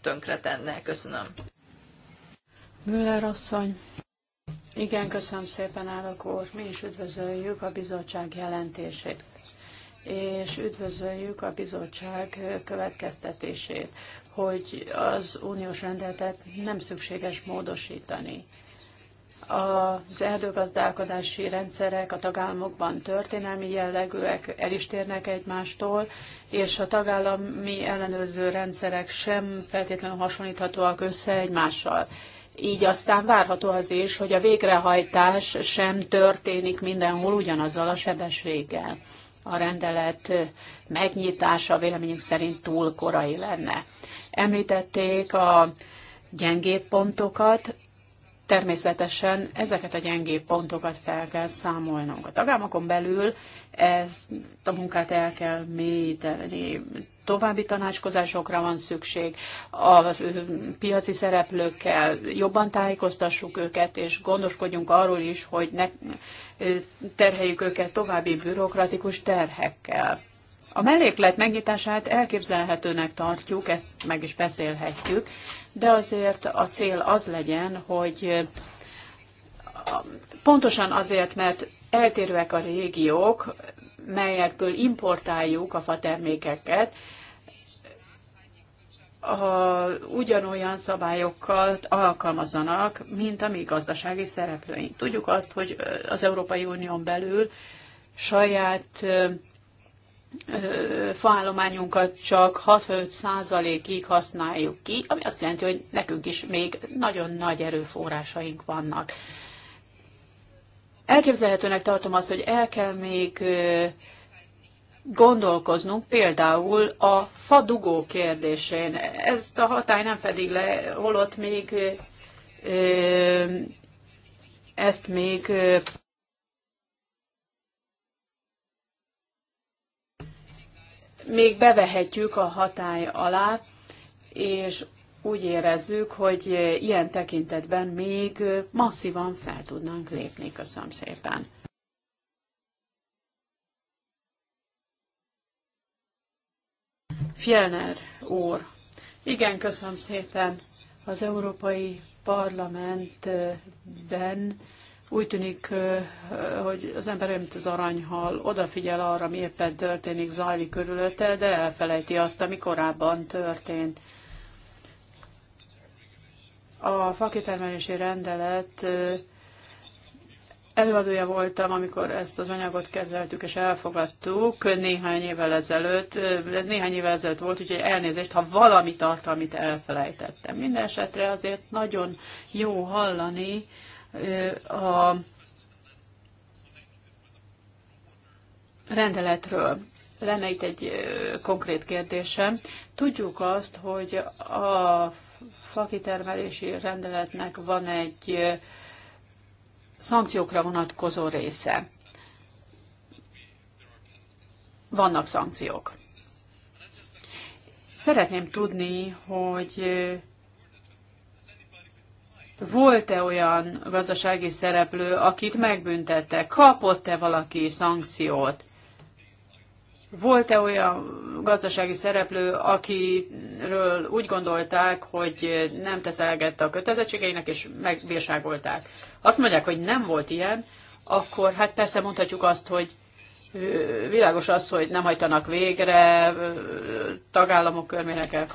tönkre Köszönöm. Müller asszony. Igen, köszönöm szépen, Állok úr. Mi is üdvözöljük a bizottság jelentését, és üdvözöljük a bizottság következtetését, hogy az uniós rendeletet nem szükséges módosítani. Az erdőgazdálkodási rendszerek a tagállamokban történelmi jellegűek, el is térnek egymástól, és a tagállami ellenőrző rendszerek sem feltétlenül hasonlíthatóak össze egymással így aztán várható az is, hogy a végrehajtás sem történik mindenhol ugyanazzal a sebességgel. A rendelet megnyitása véleményünk szerint túl korai lenne. Említették a gyengébb pontokat, Természetesen ezeket a gyengébb pontokat fel kell számolnunk. A tagállamokon belül ezt a munkát el kell mélyíteni. További tanácskozásokra van szükség, a piaci szereplőkkel jobban tájékoztassuk őket, és gondoskodjunk arról is, hogy ne terheljük őket további bürokratikus terhekkel. A melléklet megnyitását elképzelhetőnek tartjuk, ezt meg is beszélhetjük, de azért a cél az legyen, hogy pontosan azért, mert eltérőek a régiók, melyekből importáljuk a fatermékeket, a, ugyanolyan szabályokkal alkalmazzanak, mint a mi gazdasági szereplőink. Tudjuk azt, hogy az Európai Unión belül saját faállományunkat csak 65%-ig használjuk ki, ami azt jelenti, hogy nekünk is még nagyon nagy erőforrásaink vannak. Elképzelhetőnek tartom azt, hogy el kell még gondolkoznunk például a fadugó kérdésén. Ezt a hatály nem fedig le, holott még ezt még még bevehetjük a hatály alá, és úgy érezzük, hogy ilyen tekintetben még masszívan fel tudnánk lépni. Köszönöm szépen! Fjellner úr, igen, köszönöm szépen. Az Európai Parlamentben úgy tűnik, hogy az ember olyan, mint az aranyhal, odafigyel arra, mi éppen történik, zajlik körülötte, de elfelejti azt, ami korábban történt. A fakitermelési rendelet előadója voltam, amikor ezt az anyagot kezeltük és elfogadtuk néhány évvel ezelőtt. Ez néhány évvel ezelőtt volt, úgyhogy elnézést, ha valami tartalmit elfelejtettem. Minden esetre azért nagyon jó hallani, a rendeletről. Lenne itt egy konkrét kérdésem. Tudjuk azt, hogy a fakitermelési rendeletnek van egy szankciókra vonatkozó része. Vannak szankciók. Szeretném tudni, hogy volt-e olyan gazdasági szereplő, akit megbüntettek? Kapott-e valaki szankciót? Volt-e olyan gazdasági szereplő, akiről úgy gondolták, hogy nem tesz a kötelezettségeinek, és megbírságolták? Azt mondják, hogy nem volt ilyen, akkor hát persze mondhatjuk azt, hogy világos az, hogy nem hajtanak végre, tagállamok körmére kell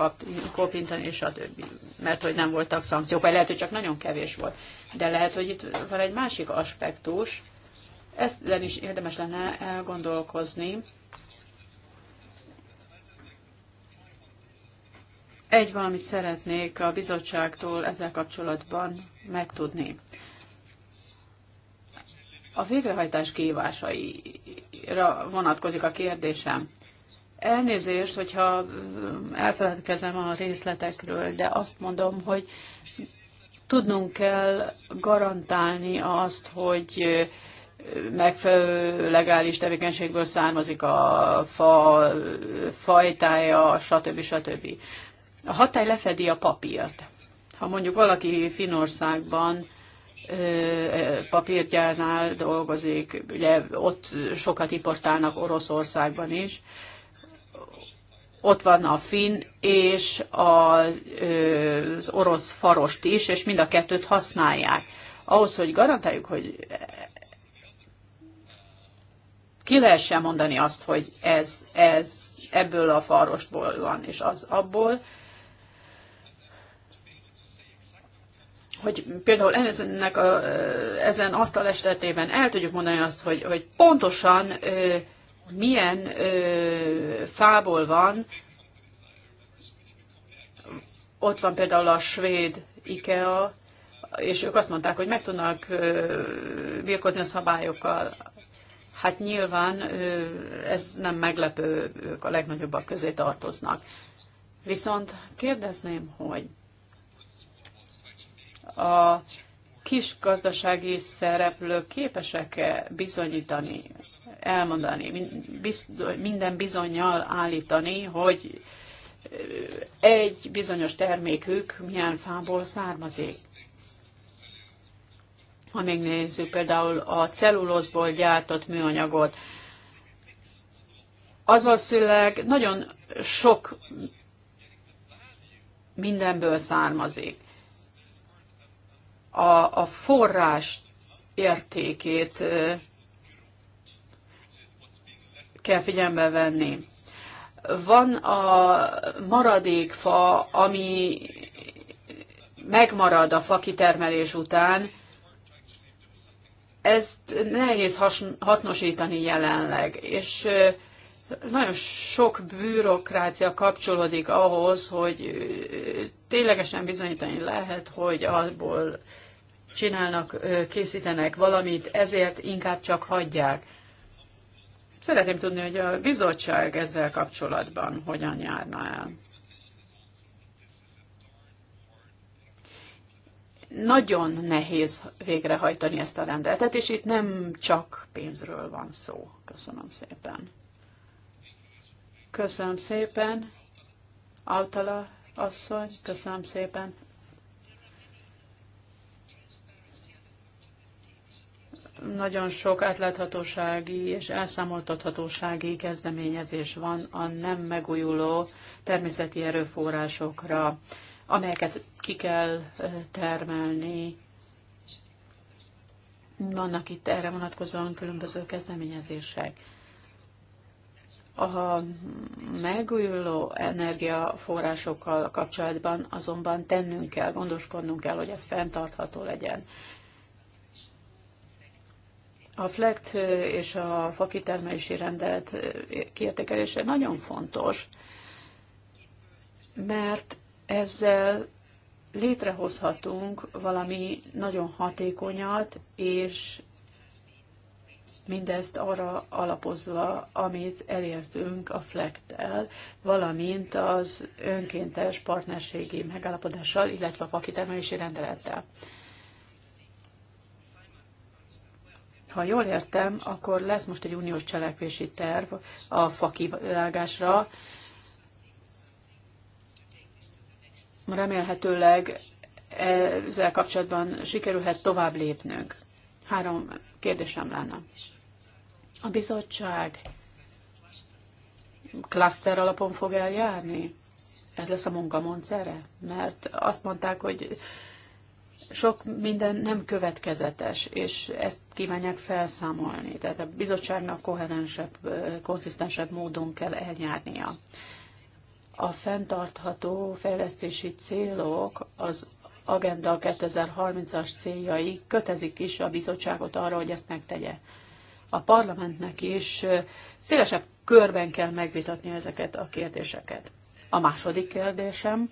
kopintani, stb. Mert hogy nem voltak szankciók, vagy lehet, hogy csak nagyon kevés volt. De lehet, hogy itt van egy másik aspektus, ezt is érdemes lenne elgondolkozni. Egy valamit szeretnék a bizottságtól ezzel kapcsolatban megtudni. A végrehajtás kívásaira vonatkozik a kérdésem. Elnézést, hogyha elfeledkezem a részletekről, de azt mondom, hogy tudnunk kell garantálni azt, hogy megfelelő legális tevékenységből származik a fa fajtája, stb. stb. A hatály lefedi a papírt. Ha mondjuk valaki Finországban papírgyárnál dolgozik, ugye ott sokat importálnak Oroszországban is. Ott van a finn és az orosz farost is, és mind a kettőt használják. Ahhoz, hogy garantáljuk, hogy ki lehessen mondani azt, hogy ez, ez ebből a farostból van, és az abból, hogy például ennek a, ezen asztal esetében el tudjuk mondani azt, hogy, hogy pontosan ö, milyen ö, fából van, ott van például a svéd IKEA, és ők azt mondták, hogy meg tudnak ö, birkozni a szabályokkal. Hát nyilván ö, ez nem meglepő, ők a legnagyobbak közé tartoznak. Viszont kérdezném, hogy a kis gazdasági szereplők képesek-e bizonyítani, elmondani, minden bizonyal állítani, hogy egy bizonyos termékük milyen fából származik. Ha megnézzük például a cellulózból gyártott műanyagot, az valószínűleg nagyon sok mindenből származik a, a forrás értékét kell figyelembe venni. Van a maradékfa, ami megmarad a fakitermelés után, ezt nehéz hasznosítani jelenleg, és nagyon sok bürokrácia kapcsolódik ahhoz, hogy ténylegesen bizonyítani lehet, hogy abból csinálnak, készítenek valamit, ezért inkább csak hagyják. Szeretném tudni, hogy a bizottság ezzel kapcsolatban hogyan járna el. Nagyon nehéz végrehajtani ezt a rendeletet, és itt nem csak pénzről van szó. Köszönöm szépen. Köszönöm szépen, Autala asszony, köszönöm szépen, nagyon sok átláthatósági és elszámoltathatósági kezdeményezés van a nem megújuló természeti erőforrásokra, amelyeket ki kell termelni. Vannak itt erre vonatkozóan különböző kezdeményezések. A megújuló energiaforrásokkal kapcsolatban azonban tennünk kell, gondoskodnunk kell, hogy ez fenntartható legyen. A FLECT és a fakitermelési rendelet kiértékelése nagyon fontos, mert ezzel létrehozhatunk valami nagyon hatékonyat, és mindezt arra alapozva, amit elértünk a FLECT-tel, valamint az önkéntes partnerségi megállapodással, illetve a fakitermelési rendelettel. Ha jól értem, akkor lesz most egy uniós cselekvési terv a fakivágásra. Remélhetőleg ezzel kapcsolatban sikerülhet tovább lépnünk. Három kérdésem lenne. A bizottság klaszter alapon fog eljárni? Ez lesz a munkamondszere? Mert azt mondták, hogy sok minden nem következetes, és ezt kívánják felszámolni. Tehát a bizottságnak koherensebb, konszisztensebb módon kell eljárnia. A fenntartható fejlesztési célok az Agenda 2030-as céljai kötezik is a bizottságot arra, hogy ezt megtegye. A parlamentnek is szélesebb körben kell megvitatni ezeket a kérdéseket. A második kérdésem,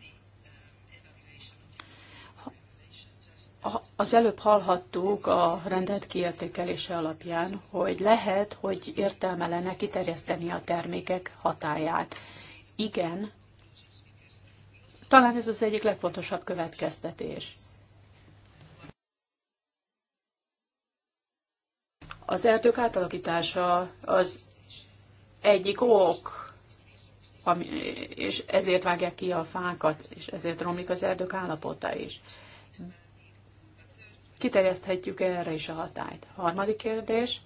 az előbb hallhattuk a rendelt kiértékelése alapján, hogy lehet, hogy értelme lenne kiterjeszteni a termékek hatáját. Igen, talán ez az egyik legfontosabb következtetés. Az erdők átalakítása az egyik ok, ami, és ezért vágják ki a fákat, és ezért romlik az erdők állapota is kiterjeszthetjük erre is a hatályt. Harmadik kérdés,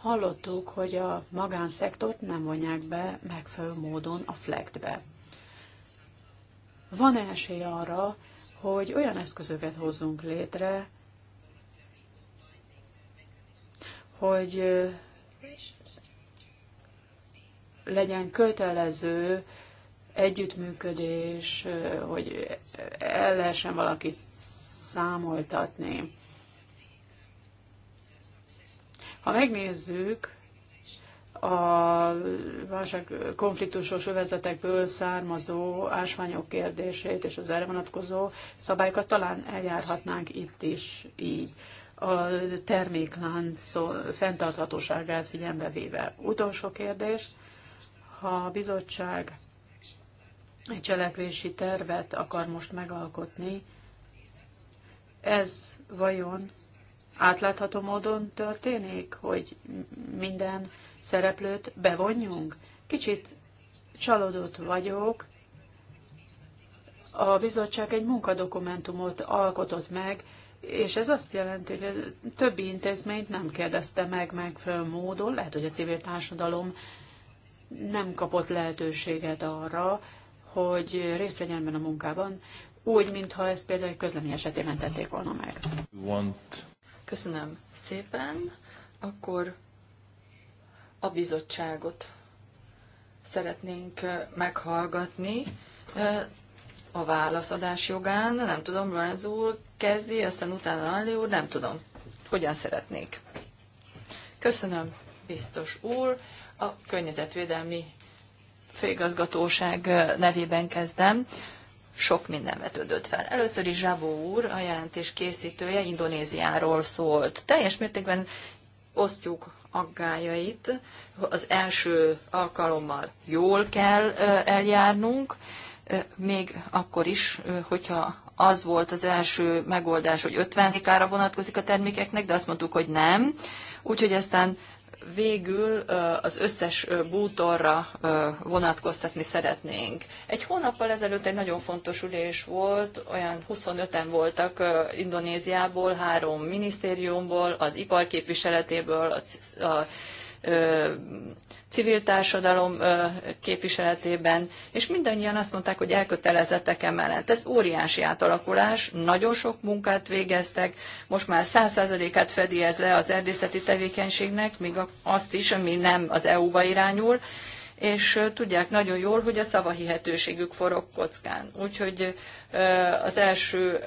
hallottuk, hogy a magánszektort nem vonják be megfelelő módon a flektbe. Van-e esély arra, hogy olyan eszközöket hozzunk létre, hogy legyen kötelező együttműködés, hogy el lehessen valakit számoltatni. Ha megnézzük a válság konfliktusos övezetekből származó ásványok kérdését és az erre vonatkozó szabályokat talán eljárhatnánk itt is így a terméklánc fenntarthatóságát figyelembe véve. Utolsó kérdés, ha a bizottság egy cselekvési tervet akar most megalkotni, ez vajon átlátható módon történik, hogy minden szereplőt bevonjunk? Kicsit csalódott vagyok. A bizottság egy munkadokumentumot alkotott meg, és ez azt jelenti, hogy a többi intézményt nem kérdezte meg megfelelő módon, lehet, hogy a civil társadalom nem kapott lehetőséget arra, hogy részt vegyen a munkában, úgy, mintha ezt például egy közlemény esetében tették volna meg. Want Köszönöm szépen. Akkor a bizottságot szeretnénk meghallgatni a válaszadás jogán. Nem tudom, Lorenz úr kezdi, aztán utána Anli úr, nem tudom. Hogyan szeretnék? Köszönöm, biztos úr. A Környezetvédelmi Főigazgatóság nevében kezdem sok minden vetődött fel. Először is Zsabó úr, a jelentés készítője Indonéziáról szólt. Teljes mértékben osztjuk aggájait. Az első alkalommal jól kell eljárnunk, még akkor is, hogyha az volt az első megoldás, hogy 50 ára vonatkozik a termékeknek, de azt mondtuk, hogy nem. Úgyhogy aztán végül az összes bútorra vonatkoztatni szeretnénk. Egy hónappal ezelőtt egy nagyon fontos ülés volt, olyan 25-en voltak Indonéziából, három minisztériumból, az iparképviseletéből, a civil társadalom képviseletében, és mindannyian azt mondták, hogy elkötelezettek emellett. Ez óriási átalakulás, nagyon sok munkát végeztek, most már 100%-át fedi ez le az erdészeti tevékenységnek, még azt is, ami nem az EU-ba irányul, és tudják nagyon jól, hogy a szavahihetőségük forog kockán. Úgyhogy az első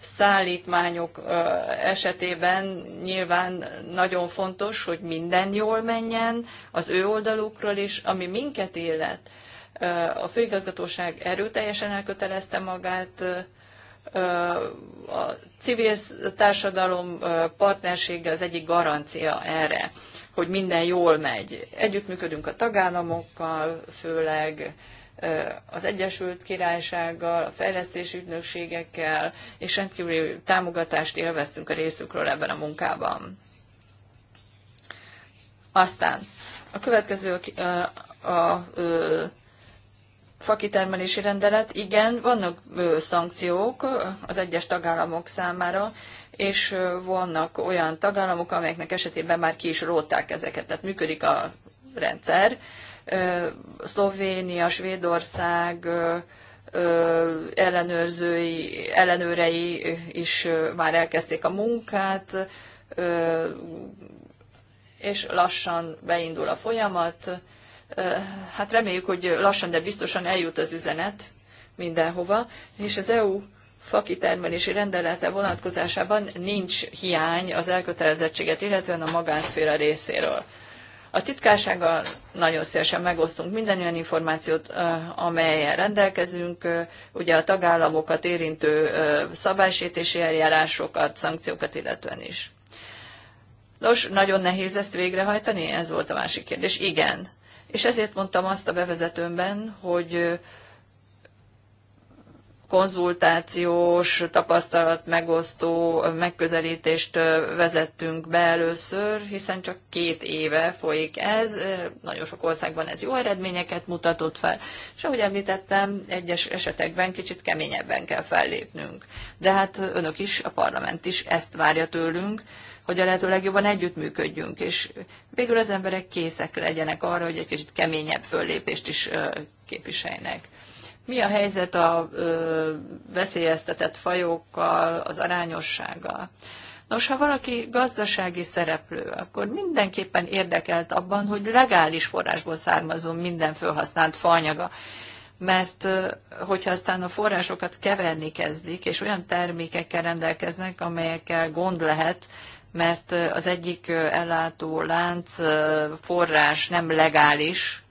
szállítmányok esetében nyilván nagyon fontos, hogy minden jól menjen az ő oldalukról is, ami minket illet. A főigazgatóság erőteljesen elkötelezte magát, a civil társadalom partnersége az egyik garancia erre, hogy minden jól megy. Együttműködünk a tagállamokkal, főleg az Egyesült Királysággal, a fejlesztési ügynökségekkel, és rendkívüli támogatást élveztünk a részükről ebben a munkában. Aztán a következő a, a, a fakitermelési rendelet. Igen, vannak szankciók az egyes tagállamok számára, és vannak olyan tagállamok, amelyeknek esetében már ki is rótták ezeket, tehát működik a rendszer Szlovénia, Svédország ellenőrzői, ellenőrei is már elkezdték a munkát, és lassan beindul a folyamat. Hát reméljük, hogy lassan, de biztosan eljut az üzenet mindenhova, és az EU fakitermelési rendelete vonatkozásában nincs hiány az elkötelezettséget, illetően a magánszféra részéről. A titkársággal nagyon szélesen megosztunk minden olyan információt, amelyen rendelkezünk, ugye a tagállamokat érintő szabálysítési eljárásokat, szankciókat illetően is. Nos, nagyon nehéz ezt végrehajtani? Ez volt a másik kérdés. Igen. És ezért mondtam azt a bevezetőmben, hogy konzultációs, tapasztalat megosztó megközelítést vezettünk be először, hiszen csak két éve folyik ez. Nagyon sok országban ez jó eredményeket mutatott fel, és ahogy említettem, egyes esetekben kicsit keményebben kell fellépnünk. De hát önök is, a parlament is ezt várja tőlünk, hogy a lehető legjobban együttműködjünk, és végül az emberek készek legyenek arra, hogy egy kicsit keményebb föllépést is képviseljenek. Mi a helyzet a ö, veszélyeztetett fajokkal, az arányossággal? Nos, ha valaki gazdasági szereplő, akkor mindenképpen érdekelt abban, hogy legális forrásból származó minden felhasznált faanyaga. Mert hogyha aztán a forrásokat keverni kezdik, és olyan termékekkel rendelkeznek, amelyekkel gond lehet, mert az egyik ellátó lánc forrás nem legális,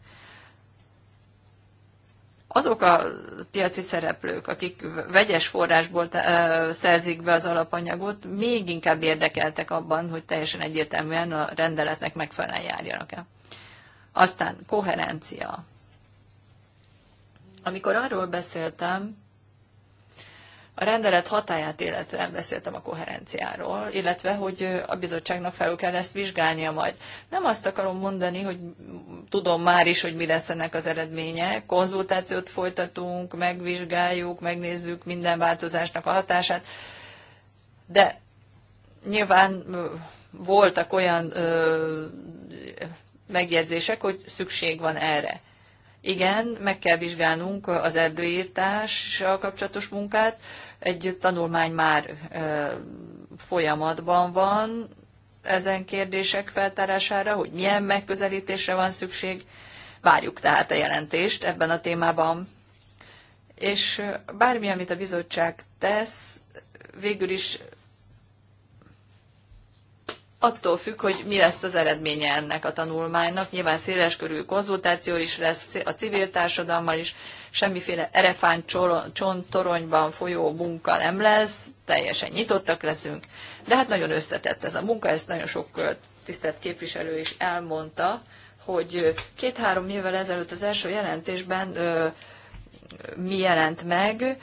azok a piaci szereplők, akik vegyes forrásból szerzik be az alapanyagot, még inkább érdekeltek abban, hogy teljesen egyértelműen a rendeletnek megfelelően járjanak el. Aztán koherencia. Amikor arról beszéltem, a rendelet hatáját illetően beszéltem a koherenciáról, illetve, hogy a bizottságnak felül kell ezt vizsgálnia majd. Nem azt akarom mondani, hogy tudom már is, hogy mi lesz ennek az eredménye. Konzultációt folytatunk, megvizsgáljuk, megnézzük minden változásnak a hatását. De nyilván voltak olyan megjegyzések, hogy szükség van erre. Igen, meg kell vizsgálnunk az erdőírtással kapcsolatos munkát, egy tanulmány már folyamatban van ezen kérdések feltárására, hogy milyen megközelítésre van szükség. Várjuk tehát a jelentést ebben a témában. És bármi, amit a bizottság tesz, végül is attól függ, hogy mi lesz az eredménye ennek a tanulmánynak. Nyilván széles körű konzultáció is lesz a civil társadalommal is, semmiféle erefánt csontoronyban folyó munka nem lesz, teljesen nyitottak leszünk, de hát nagyon összetett ez a munka, ezt nagyon sok tisztelt képviselő is elmondta, hogy két-három évvel ezelőtt az első jelentésben mi jelent meg,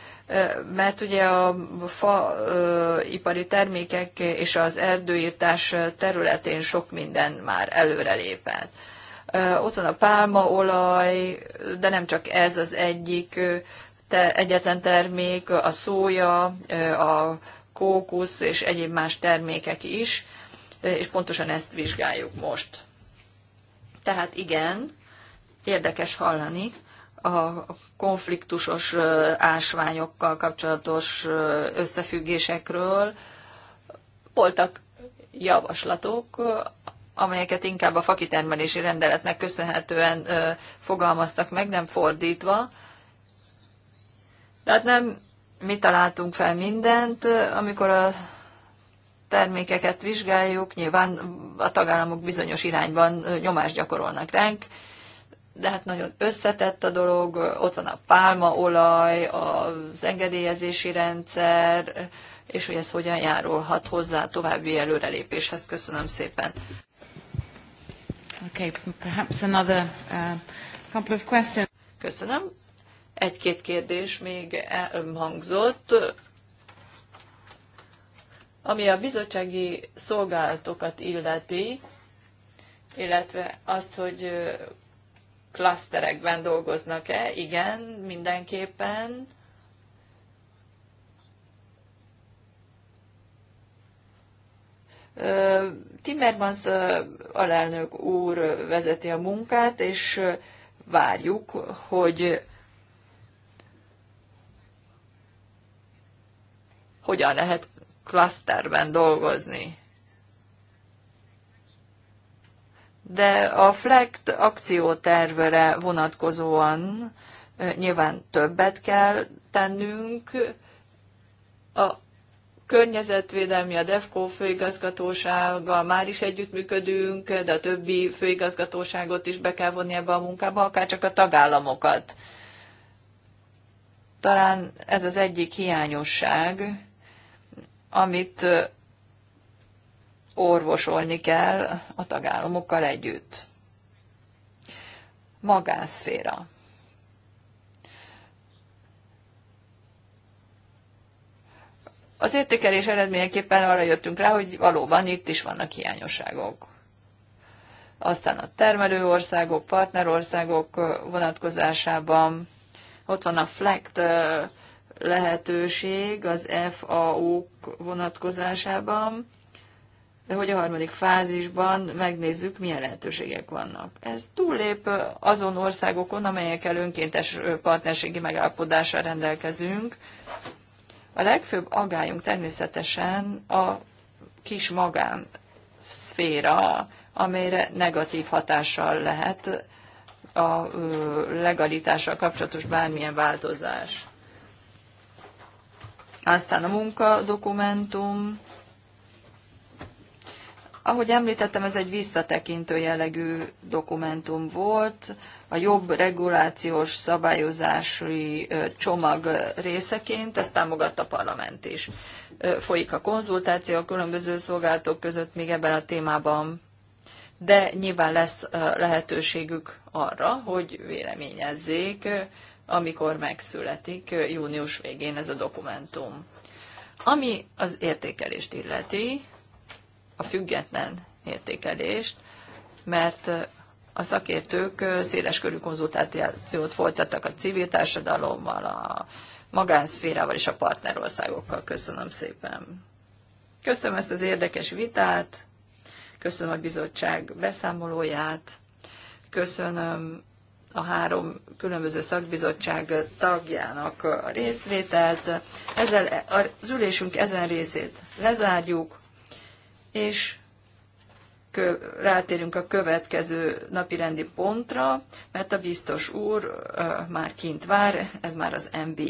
mert ugye a faipari termékek és az erdőírtás területén sok minden már előrelépett. Ott van a pálmaolaj, de nem csak ez az egyik te, egyetlen termék, a szója, a kókusz és egyéb más termékek is, és pontosan ezt vizsgáljuk most. Tehát igen, érdekes hallani, a konfliktusos ásványokkal kapcsolatos összefüggésekről. Voltak javaslatok, amelyeket inkább a fakitermelési rendeletnek köszönhetően fogalmaztak meg, nem fordítva. Tehát nem mi találtunk fel mindent, amikor a termékeket vizsgáljuk, nyilván a tagállamok bizonyos irányban nyomást gyakorolnak ránk, de hát nagyon összetett a dolog, ott van a pálmaolaj, az engedélyezési rendszer, és hogy ez hogyan járulhat hozzá a további előrelépéshez. Köszönöm szépen. Okay, perhaps another uh, couple of questions. Köszönöm. Egy-két kérdés még eh, hangzott. Ami a bizottsági szolgálatokat illeti, illetve azt, hogy eh, klaszterekben dolgoznak-e? Igen, mindenképpen. Timmermans alelnök úr vezeti a munkát, és várjuk, hogy hogyan lehet klaszterben dolgozni. de a FLECT akciótervre vonatkozóan nyilván többet kell tennünk. A környezetvédelmi, a DEFCO főigazgatósággal már is együttműködünk, de a többi főigazgatóságot is be kell vonni ebbe a munkába, akár csak a tagállamokat. Talán ez az egyik hiányosság, amit orvosolni kell a tagállamokkal együtt. Magánszféra. Az értékelés eredményeképpen arra jöttünk rá, hogy valóban itt is vannak hiányosságok. Aztán a termelő országok, partnerországok vonatkozásában ott van a FLECT lehetőség az FAO vonatkozásában, hogy a harmadik fázisban megnézzük, milyen lehetőségek vannak. Ez túllép azon országokon, amelyekkel önkéntes partnerségi megállapodással rendelkezünk. A legfőbb agályunk természetesen a kis magán szféra, amelyre negatív hatással lehet a legalitással kapcsolatos bármilyen változás. Aztán a munkadokumentum, ahogy említettem, ez egy visszatekintő jellegű dokumentum volt, a jobb regulációs szabályozási csomag részeként, ezt támogatta a parlament is. Folyik a konzultáció a különböző szolgálatok között még ebben a témában, de nyilván lesz lehetőségük arra, hogy véleményezzék, amikor megszületik június végén ez a dokumentum. Ami az értékelést illeti, a független értékelést, mert a szakértők körű konzultációt folytattak a civil társadalommal, a magánszférával és a partnerországokkal. Köszönöm szépen. Köszönöm ezt az érdekes vitát, köszönöm a bizottság beszámolóját, köszönöm a három különböző szakbizottság tagjának a részvételt. Ezzel az ülésünk ezen részét lezárjuk és rátérünk a következő napi rendi pontra, mert a biztos úr már kint vár, ez már az MB